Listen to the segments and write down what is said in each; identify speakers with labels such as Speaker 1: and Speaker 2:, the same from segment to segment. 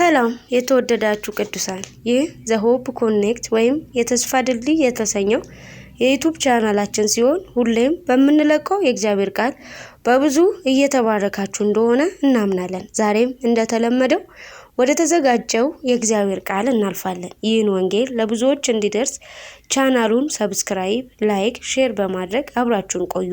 Speaker 1: ሰላም የተወደዳችሁ ቅዱሳን፣ ይህ ዘሆፕ ኮኔክት ወይም የተስፋ ድልድይ የተሰኘው የዩቱብ ቻናላችን ሲሆን ሁሌም በምንለቀው የእግዚአብሔር ቃል በብዙ እየተባረካችሁ እንደሆነ እናምናለን። ዛሬም እንደተለመደው ወደ ተዘጋጀው የእግዚአብሔር ቃል እናልፋለን። ይህን ወንጌል ለብዙዎች እንዲደርስ ቻናሉን ሰብስክራይብ፣ ላይክ፣ ሼር በማድረግ አብራችሁን ቆዩ።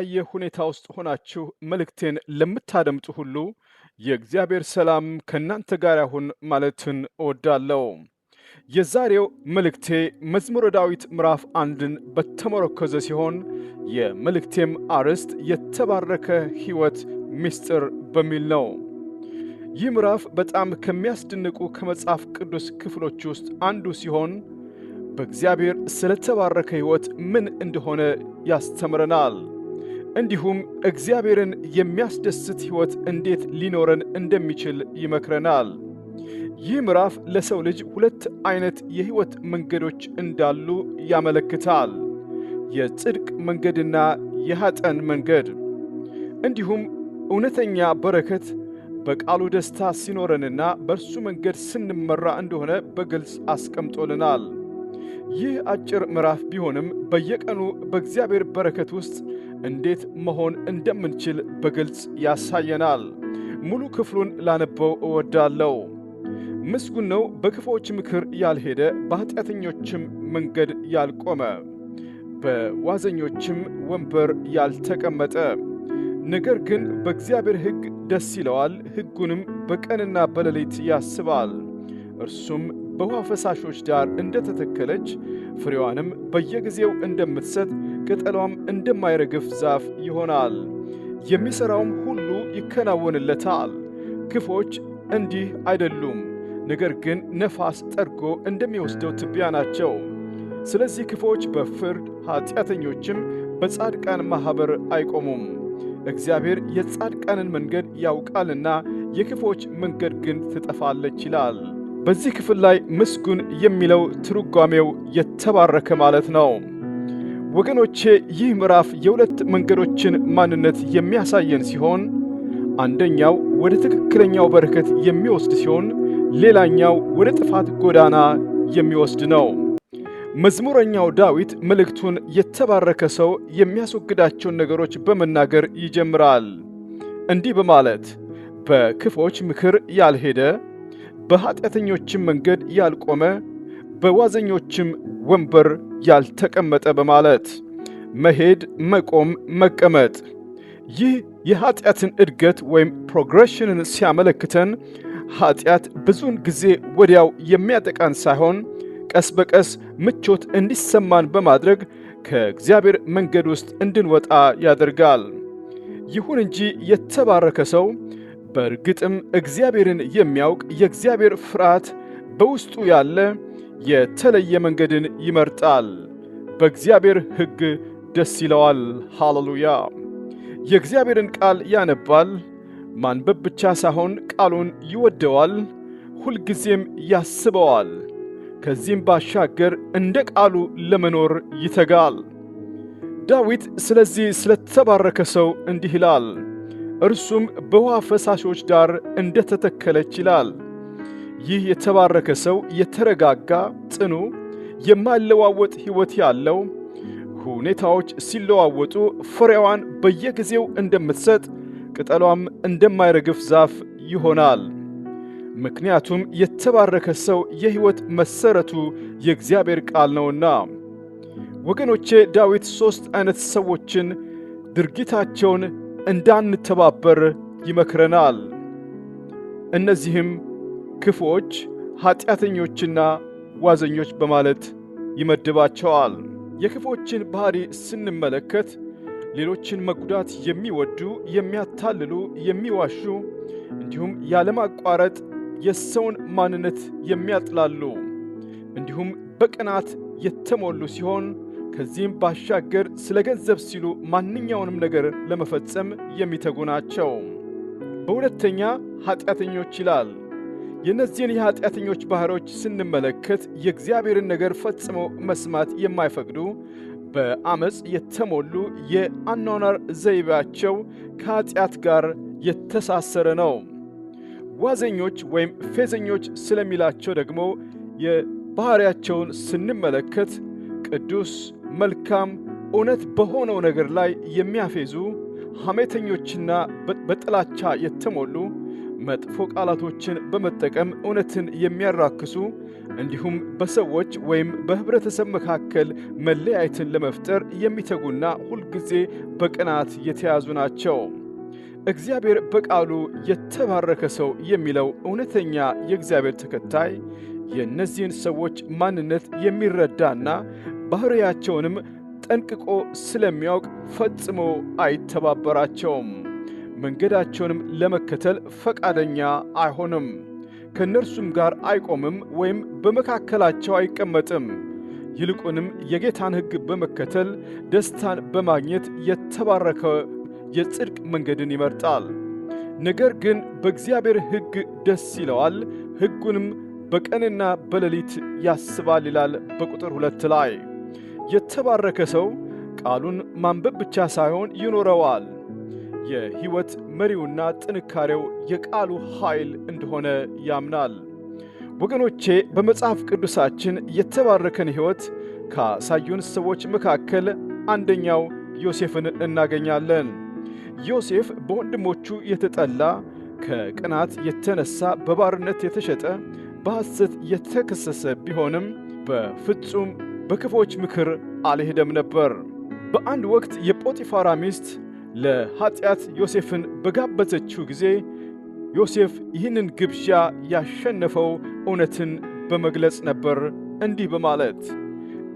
Speaker 1: በተለያየ ሁኔታ ውስጥ ሆናችሁ መልእክቴን ለምታደምጡ ሁሉ የእግዚአብሔር ሰላም ከእናንተ ጋር ያሁን ማለትን እወዳለሁ። የዛሬው መልእክቴ መዝሙረ ዳዊት ምዕራፍ አንድን በተመረኮዘ ሲሆን የመልእክቴም አርዕስት የተባረከ ሕይወት ምስጢር በሚል ነው። ይህ ምዕራፍ በጣም ከሚያስደንቁ ከመጽሐፍ ቅዱስ ክፍሎች ውስጥ አንዱ ሲሆን በእግዚአብሔር ስለተባረከ ሕይወት ምን እንደሆነ ያስተምረናል። እንዲሁም እግዚአብሔርን የሚያስደስት ሕይወት እንዴት ሊኖረን እንደሚችል ይመክረናል። ይህ ምዕራፍ ለሰው ልጅ ሁለት ዓይነት የሕይወት መንገዶች እንዳሉ ያመለክታል፤ የጽድቅ መንገድና የኀጠን መንገድ። እንዲሁም እውነተኛ በረከት በቃሉ ደስታ ሲኖረንና በእርሱ መንገድ ስንመራ እንደሆነ በግልጽ አስቀምጦልናል። ይህ አጭር ምዕራፍ ቢሆንም በየቀኑ በእግዚአብሔር በረከት ውስጥ እንዴት መሆን እንደምንችል በግልጽ ያሳየናል። ሙሉ ክፍሉን ላነበው እወዳለሁ። ምስጉን ነው በክፎች ምክር ያልሄደ፣ በኃጢአተኞችም መንገድ ያልቆመ፣ በዋዘኞችም ወንበር ያልተቀመጠ። ነገር ግን በእግዚአብሔር ሕግ ደስ ይለዋል፣ ሕጉንም በቀንና በሌሊት ያስባል። እርሱም በውሃ ፈሳሾች ዳር እንደተተከለች ፍሬዋንም በየጊዜው እንደምትሰጥ ቅጠሏም እንደማይረግፍ ዛፍ ይሆናል። የሚሠራውም ሁሉ ይከናወንለታል። ክፎች እንዲህ አይደሉም፣ ነገር ግን ነፋስ ጠርጎ እንደሚወስደው ትቢያ ናቸው። ስለዚህ ክፎች በፍርድ ኀጢአተኞችም በጻድቃን ማኅበር አይቆሙም። እግዚአብሔር የጻድቃንን መንገድ ያውቃልና የክፎች መንገድ ግን ትጠፋለች ይላል። በዚህ ክፍል ላይ ምስጉን የሚለው ትርጓሜው የተባረከ ማለት ነው። ወገኖቼ ይህ ምዕራፍ የሁለት መንገዶችን ማንነት የሚያሳየን ሲሆን አንደኛው ወደ ትክክለኛው በረከት የሚወስድ ሲሆን፣ ሌላኛው ወደ ጥፋት ጎዳና የሚወስድ ነው። መዝሙረኛው ዳዊት መልእክቱን የተባረከ ሰው የሚያስወግዳቸውን ነገሮች በመናገር ይጀምራል እንዲህ በማለት በክፎች ምክር ያልሄደ፣ በኃጢአተኞችም መንገድ ያልቆመ፣ በዋዘኞችም ወንበር ያልተቀመጠ በማለት መሄድ፣ መቆም፣ መቀመጥ። ይህ የኃጢአትን እድገት ወይም ፕሮግሬሽንን ሲያመለክተን ኃጢአት ብዙውን ጊዜ ወዲያው የሚያጠቃን ሳይሆን ቀስ በቀስ ምቾት እንዲሰማን በማድረግ ከእግዚአብሔር መንገድ ውስጥ እንድንወጣ ያደርጋል። ይሁን እንጂ የተባረከ ሰው በእርግጥም እግዚአብሔርን የሚያውቅ የእግዚአብሔር ፍርሃት በውስጡ ያለ የተለየ መንገድን ይመርጣል። በእግዚአብሔር ሕግ ደስ ይለዋል። ሃሌሉያ! የእግዚአብሔርን ቃል ያነባል። ማንበብ ብቻ ሳይሆን ቃሉን ይወደዋል፣ ሁልጊዜም ያስበዋል። ከዚህም ባሻገር እንደ ቃሉ ለመኖር ይተጋል። ዳዊት ስለዚህ ስለተባረከ ሰው እንዲህ ይላል፣ እርሱም በውሃ ፈሳሾች ዳር እንደ ተተከለች ይላል። ይህ የተባረከ ሰው የተረጋጋ ጽኑ፣ የማይለዋወጥ ሕይወት ያለው ሁኔታዎች ሲለዋወጡ ፍሬዋን በየጊዜው እንደምትሰጥ ቅጠሏም እንደማይረግፍ ዛፍ ይሆናል። ምክንያቱም የተባረከ ሰው የሕይወት መሠረቱ የእግዚአብሔር ቃል ነውና። ወገኖቼ ዳዊት ሦስት ዓይነት ሰዎችን ድርጊታቸውን እንዳንተባበር ይመክረናል። እነዚህም ክፉዎች፣ ኀጢአተኞችና ዋዘኞች በማለት ይመድባቸዋል። የክፉዎችን ባሕሪ ስንመለከት ሌሎችን መጉዳት የሚወዱ፣ የሚያታልሉ፣ የሚዋሹ እንዲሁም ያለማቋረጥ የሰውን ማንነት የሚያጥላሉ እንዲሁም በቅናት የተሞሉ ሲሆን ከዚህም ባሻገር ስለ ገንዘብ ሲሉ ማንኛውንም ነገር ለመፈጸም የሚተጉ ናቸው። በሁለተኛ ኀጢአተኞች ይላል። የእነዚህን የኀጢአተኞች ባሕሮች ስንመለከት የእግዚአብሔርን ነገር ፈጽሞ መስማት የማይፈቅዱ በአመፅ የተሞሉ የአኗኗር ዘይቤያቸው ከኀጢአት ጋር የተሳሰረ ነው። ዋዘኞች ወይም ፌዘኞች ስለሚላቸው ደግሞ የባሕርያቸውን ስንመለከት ቅዱስ፣ መልካም፣ እውነት በሆነው ነገር ላይ የሚያፌዙ ሐሜተኞችና በጥላቻ የተሞሉ መጥፎ ቃላቶችን በመጠቀም እውነትን የሚያራክሱ እንዲሁም በሰዎች ወይም በህብረተሰብ መካከል መለያየትን ለመፍጠር የሚተጉና ሁልጊዜ በቅናት የተያዙ ናቸው። እግዚአብሔር በቃሉ የተባረከ ሰው የሚለው እውነተኛ የእግዚአብሔር ተከታይ የእነዚህን ሰዎች ማንነት የሚረዳና ባሕርያቸውንም ጠንቅቆ ስለሚያውቅ ፈጽሞ አይተባበራቸውም። መንገዳቸውንም ለመከተል ፈቃደኛ አይሆንም፣ ከእነርሱም ጋር አይቆምም ወይም በመካከላቸው አይቀመጥም። ይልቁንም የጌታን ሕግ በመከተል ደስታን በማግኘት የተባረከ የጽድቅ መንገድን ይመርጣል። ነገር ግን በእግዚአብሔር ሕግ ደስ ይለዋል፣ ሕጉንም በቀንና በሌሊት ያስባል ይላል በቁጥር ሁለት ላይ። የተባረከ ሰው ቃሉን ማንበብ ብቻ ሳይሆን ይኖረዋል። የህይወት መሪውና ጥንካሬው የቃሉ ኃይል እንደሆነ ያምናል። ወገኖቼ በመጽሐፍ ቅዱሳችን የተባረከን ሕይወት ካሳዩን ሰዎች መካከል አንደኛው ዮሴፍን እናገኛለን። ዮሴፍ በወንድሞቹ የተጠላ፣ ከቅናት የተነሳ በባርነት የተሸጠ፣ በሐሰት የተከሰሰ ቢሆንም በፍጹም በክፎች ምክር አልሄደም ነበር። በአንድ ወቅት የጶጢፋራ ሚስት ለኃጢአት ዮሴፍን በጋበዘችው ጊዜ ዮሴፍ ይህንን ግብዣ ያሸነፈው እውነትን በመግለጽ ነበር፣ እንዲህ በማለት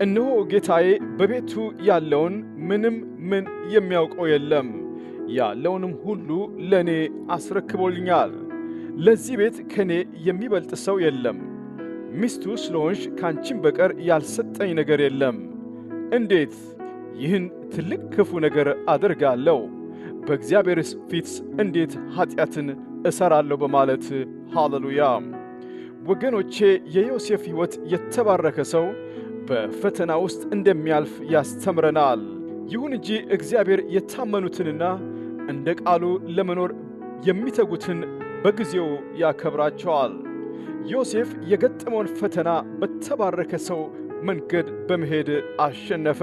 Speaker 1: እነሆ ጌታዬ በቤቱ ያለውን ምንም ምን የሚያውቀው የለም፣ ያለውንም ሁሉ ለእኔ አስረክቦልኛል። ለዚህ ቤት ከእኔ የሚበልጥ ሰው የለም። ሚስቱ ስለሆንሽ ካንቺም በቀር ያልሰጠኝ ነገር የለም። እንዴት ይህን ትልቅ ክፉ ነገር አድርጋለሁ! በእግዚአብሔርስ ፊት እንዴት ኀጢአትን እሠራለሁ በማለት ሃሌሉያ። ወገኖቼ የዮሴፍ ሕይወት የተባረከ ሰው በፈተና ውስጥ እንደሚያልፍ ያስተምረናል። ይሁን እንጂ እግዚአብሔር የታመኑትንና እንደ ቃሉ ለመኖር የሚተጉትን በጊዜው ያከብራቸዋል። ዮሴፍ የገጠመውን ፈተና በተባረከ ሰው መንገድ በመሄድ አሸነፈ።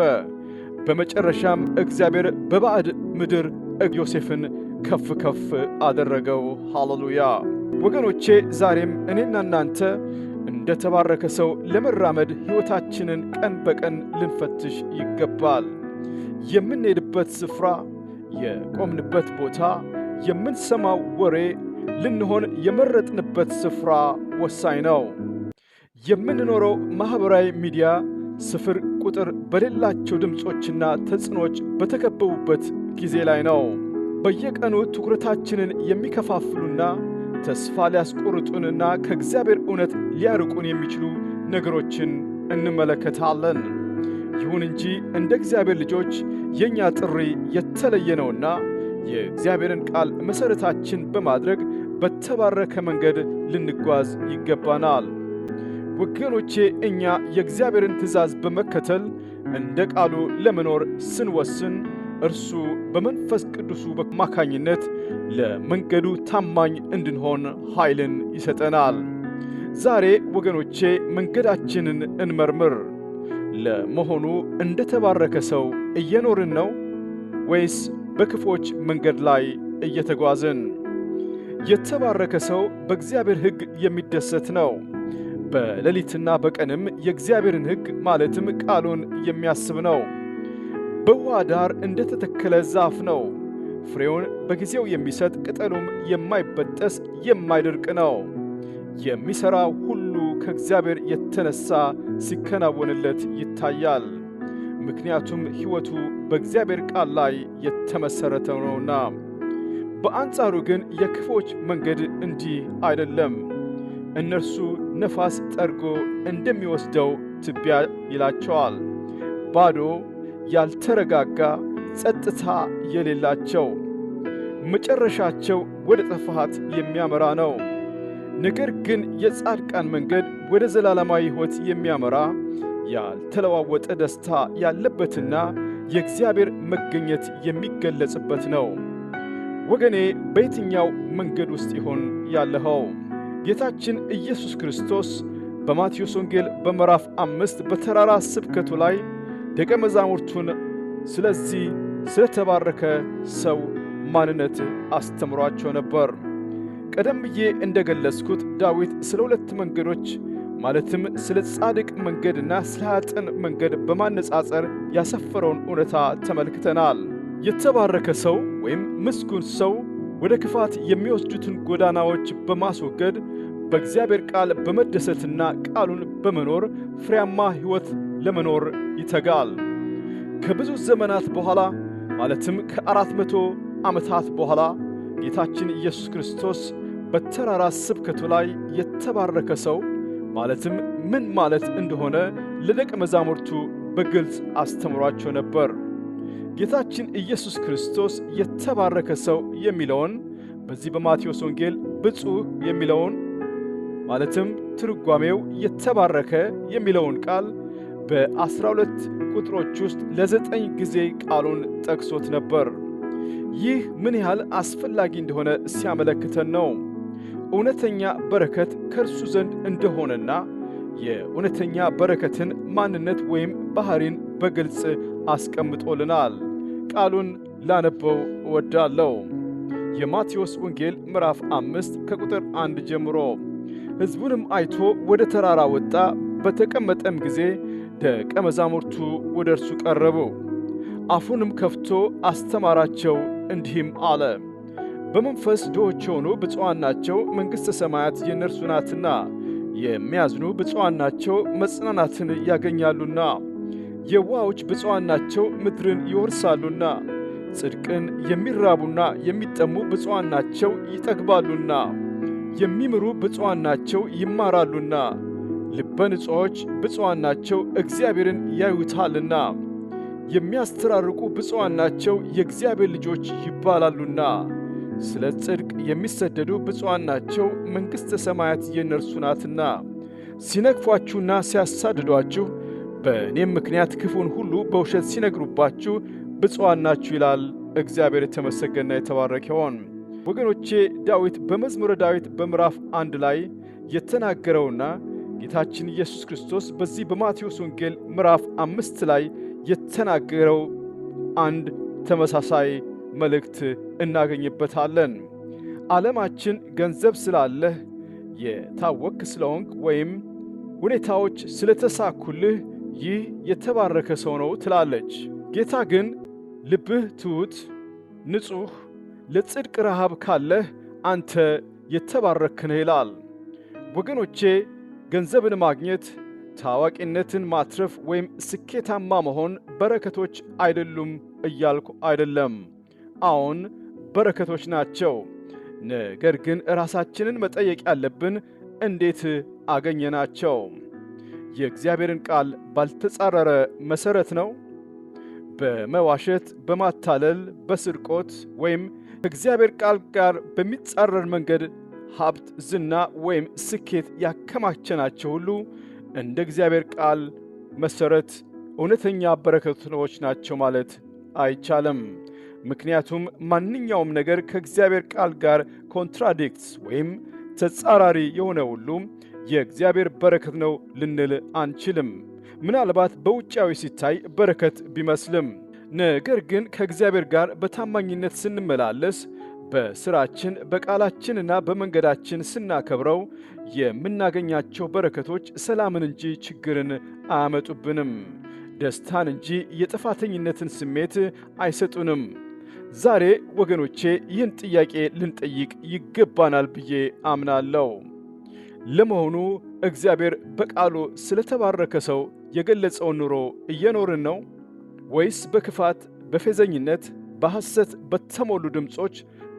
Speaker 1: በመጨረሻም እግዚአብሔር በባዕድ ምድር ዮሴፍን ከፍ ከፍ አደረገው። ሃሌሉያ! ወገኖቼ ዛሬም እኔና እናንተ እንደ ተባረከ ሰው ለመራመድ ሕይወታችንን ቀን በቀን ልንፈትሽ ይገባል። የምንሄድበት ስፍራ፣ የቆምንበት ቦታ፣ የምንሰማው ወሬ፣ ልንሆን የመረጥንበት ስፍራ ወሳኝ ነው። የምንኖረው ማኅበራዊ ሚዲያ ስፍር ቁጥር በሌላቸው ድምፆችና ተጽዕኖዎች በተከበቡበት ጊዜ ላይ ነው። በየቀኑ ትኩረታችንን የሚከፋፍሉና ተስፋ ሊያስቆርጡንና ከእግዚአብሔር እውነት ሊያርቁን የሚችሉ ነገሮችን እንመለከታለን። ይሁን እንጂ እንደ እግዚአብሔር ልጆች የእኛ ጥሪ የተለየ ነውና የእግዚአብሔርን ቃል መሠረታችን በማድረግ በተባረከ መንገድ ልንጓዝ ይገባናል። ወገኖቼ እኛ የእግዚአብሔርን ትእዛዝ በመከተል እንደ ቃሉ ለመኖር ስንወስን እርሱ በመንፈስ ቅዱሱ በማካኝነት ለመንገዱ ታማኝ እንድንሆን ኃይልን ይሰጠናል። ዛሬ ወገኖቼ መንገዳችንን እንመርምር። ለመሆኑ እንደ ተባረከ ሰው እየኖርን ነው ወይስ በክፎች መንገድ ላይ እየተጓዝን? የተባረከ ሰው በእግዚአብሔር ሕግ የሚደሰት ነው። በሌሊትና በቀንም የእግዚአብሔርን ሕግ ማለትም ቃሉን የሚያስብ ነው። በውሃ ዳር እንደ ተተከለ ዛፍ ነው። ፍሬውን በጊዜው የሚሰጥ ቅጠሉም የማይበጠስ የማይደርቅ ነው። የሚሠራ ሁሉ ከእግዚአብሔር የተነሣ ሲከናወንለት ይታያል። ምክንያቱም ሕይወቱ በእግዚአብሔር ቃል ላይ የተመሠረተ ነውና። በአንጻሩ ግን የክፎች መንገድ እንዲህ አይደለም። እነርሱ ነፋስ ጠርጎ እንደሚወስደው ትቢያ ይላቸዋል። ባዶ፣ ያልተረጋጋ፣ ጸጥታ የሌላቸው መጨረሻቸው ወደ ጥፋት የሚያመራ ነው። ነገር ግን የጻድቃን መንገድ ወደ ዘላለማዊ ሕይወት የሚያመራ ያልተለዋወጠ ደስታ ያለበትና የእግዚአብሔር መገኘት የሚገለጽበት ነው። ወገኔ፣ በየትኛው መንገድ ውስጥ ይሆን ያለኸው? ጌታችን ኢየሱስ ክርስቶስ በማቴዎስ ወንጌል በምዕራፍ አምስት በተራራ ስብከቱ ላይ ደቀ መዛሙርቱን ስለዚህ ስለተባረከ ሰው ማንነት አስተምሯቸው ነበር። ቀደም ብዬ እንደ ገለጽኩት ዳዊት ስለ ሁለት መንገዶች ማለትም ስለ ጻድቅ መንገድና ስለ ኀጥእ መንገድ በማነጻጸር ያሰፈረውን እውነታ ተመልክተናል። የተባረከ ሰው ወይም ምስጉን ሰው ወደ ክፋት የሚወስዱትን ጎዳናዎች በማስወገድ በእግዚአብሔር ቃል በመደሰትና ቃሉን በመኖር ፍሬያማ ሕይወት ለመኖር ይተጋል። ከብዙ ዘመናት በኋላ ማለትም ከአራት መቶ ዓመታት በኋላ ጌታችን ኢየሱስ ክርስቶስ በተራራ ስብከቱ ላይ የተባረከ ሰው ማለትም ምን ማለት እንደሆነ ለደቀ መዛሙርቱ በግልጽ አስተምሯቸው ነበር። ጌታችን ኢየሱስ ክርስቶስ የተባረከ ሰው የሚለውን በዚህ በማቴዎስ ወንጌል ብፁዕ የሚለውን ማለትም ትርጓሜው የተባረከ የሚለውን ቃል በአስራ ሁለት ቁጥሮች ውስጥ ለዘጠኝ ጊዜ ቃሉን ጠቅሶት ነበር። ይህ ምን ያህል አስፈላጊ እንደሆነ ሲያመለክተን ነው። እውነተኛ በረከት ከእርሱ ዘንድ እንደሆነና የእውነተኛ በረከትን ማንነት ወይም ባሕሪን በግልጽ አስቀምጦልናል። ቃሉን ላነበው እወዳለሁ። የማቴዎስ ወንጌል ምዕራፍ አምስት ከቁጥር አንድ ጀምሮ ሕዝቡንም አይቶ ወደ ተራራ ወጣ። በተቀመጠም ጊዜ ደቀ መዛሙርቱ ወደ እርሱ ቀረቡ። አፉንም ከፍቶ አስተማራቸው፣ እንዲህም አለ። በመንፈስ ድሆች የሆኑ ብፁዓን ናቸው፣ መንግሥተ ሰማያት የእነርሱ ናትና። የሚያዝኑ ብፁዓን ናቸው፣ መጽናናትን ያገኛሉና። የዋዎች ብፁዓን ናቸው፣ ምድርን ይወርሳሉና። ጽድቅን የሚራቡና የሚጠሙ ብፁዓን ናቸው፣ ይጠግባሉና። የሚምሩ ብፁዓን ናቸው ይማራሉና፣ ልበ ንጹዎች ብፁዓን ናቸው እግዚአብሔርን ያዩታልና፣ የሚያስተራርቁ ብፁዓን ናቸው የእግዚአብሔር ልጆች ይባላሉና፣ ስለ ጽድቅ የሚሰደዱ ብፁዓን ናቸው መንግሥተ ሰማያት የእነርሱ ናትና። ሲነግፏችሁና ሲያሳድዷችሁ በእኔም ምክንያት ክፉን ሁሉ በውሸት ሲነግሩባችሁ ብፁዓን ናችሁ ይላል። እግዚአብሔር የተመሰገነና የተባረከ ይሆን። ወገኖቼ ዳዊት በመዝሙረ ዳዊት በምዕራፍ አንድ ላይ የተናገረውና ጌታችን ኢየሱስ ክርስቶስ በዚህ በማቴዎስ ወንጌል ምዕራፍ አምስት ላይ የተናገረው አንድ ተመሳሳይ መልእክት እናገኝበታለን። ዓለማችን ገንዘብ ስላለህ የታወክ ስለሆንክ ወይም ሁኔታዎች ስለተሳኩልህ ይህ የተባረከ ሰው ነው ትላለች። ጌታ ግን ልብህ ትሑት፣ ንጹሕ ለጽድቅ ረሃብ ካለህ አንተ የተባረክንህ ይላል። ወገኖቼ ገንዘብን ማግኘት፣ ታዋቂነትን ማትረፍ ወይም ስኬታማ መሆን በረከቶች አይደሉም እያልኩ አይደለም። አዎን በረከቶች ናቸው። ነገር ግን ራሳችንን መጠየቅ ያለብን እንዴት አገኘናቸው? የእግዚአብሔርን ቃል ባልተጻረረ መሠረት ነው? በመዋሸት፣ በማታለል፣ በስርቆት ወይም ከእግዚአብሔር ቃል ጋር በሚጻረር መንገድ ሀብት፣ ዝና ወይም ስኬት ያከማቸናቸው ሁሉ እንደ እግዚአብሔር ቃል መሠረት እውነተኛ በረከቶች ናቸው ማለት አይቻልም። ምክንያቱም ማንኛውም ነገር ከእግዚአብሔር ቃል ጋር ኮንትራዲክትስ ወይም ተጻራሪ የሆነ ሁሉ የእግዚአብሔር በረከት ነው ልንል አንችልም። ምናልባት በውጫዊ ሲታይ በረከት ቢመስልም ነገር ግን ከእግዚአብሔር ጋር በታማኝነት ስንመላለስ በስራችን በቃላችንና በመንገዳችን ስናከብረው የምናገኛቸው በረከቶች ሰላምን እንጂ ችግርን አያመጡብንም፣ ደስታን እንጂ የጥፋተኝነትን ስሜት አይሰጡንም። ዛሬ ወገኖቼ ይህን ጥያቄ ልንጠይቅ ይገባናል ብዬ አምናለሁ። ለመሆኑ እግዚአብሔር በቃሉ ስለተባረከ ሰው የገለጸውን ኑሮ እየኖርን ነው? ወይስ በክፋት በፌዘኝነት በሐሰት በተሞሉ ድምፆች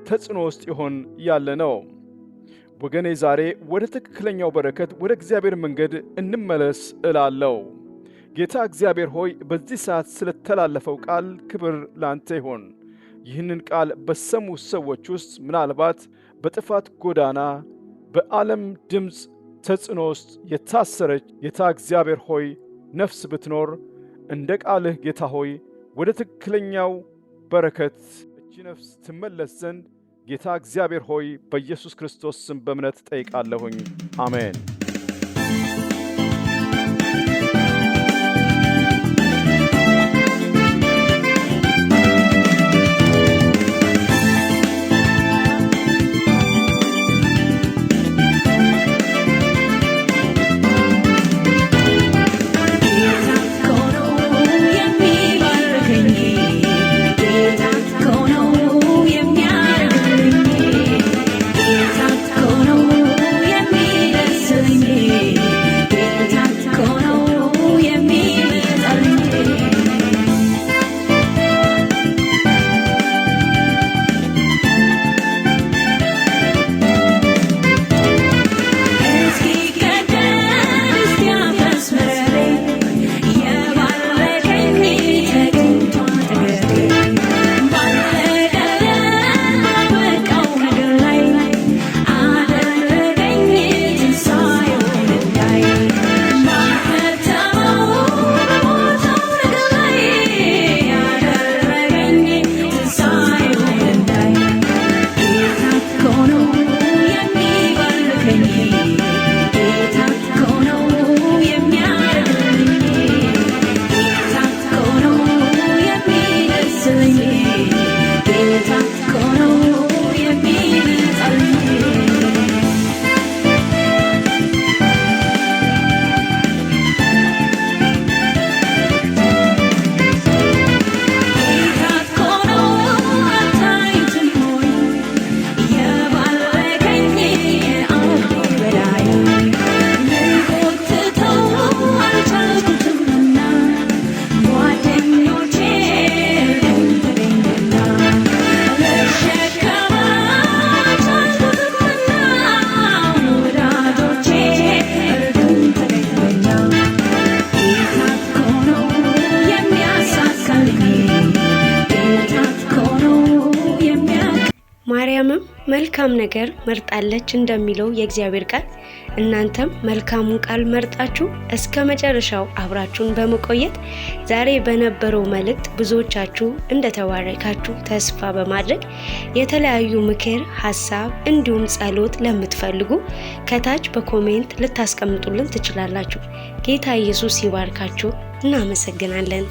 Speaker 1: ተጽዕኖ ውስጥ ይሆን ያለ ነው? ወገኔ ዛሬ ወደ ትክክለኛው በረከት ወደ እግዚአብሔር መንገድ እንመለስ እላለሁ። ጌታ እግዚአብሔር ሆይ በዚህ ሰዓት ስለተላለፈው ቃል ክብር ላንተ ይሆን ይህንን ቃል በሰሙ ሰዎች ውስጥ ምናልባት በጥፋት ጎዳና በዓለም ድምፅ ተጽዕኖ ውስጥ የታሰረች ጌታ እግዚአብሔር ሆይ ነፍስ ብትኖር እንደ ቃልህ ጌታ ሆይ ወደ ትክክለኛው በረከት እቺ ነፍስ ትመለስ ዘንድ ጌታ እግዚአብሔር ሆይ በኢየሱስ ክርስቶስ ስም በእምነት ጠይቃለሁኝ። አሜን።
Speaker 2: መልካም ነገር መርጣለች እንደሚለው የእግዚአብሔር ቃል እናንተም መልካሙን ቃል መርጣችሁ እስከ መጨረሻው አብራችሁን በመቆየት ዛሬ በነበረው መልእክት ብዙዎቻችሁ እንደተባረካችሁ ተስፋ በማድረግ የተለያዩ ምክር፣ ሀሳብ እንዲሁም ጸሎት ለምትፈልጉ ከታች በኮሜንት ልታስቀምጡልን ትችላላችሁ። ጌታ ኢየሱስ ይባርካችሁ። እናመሰግናለን።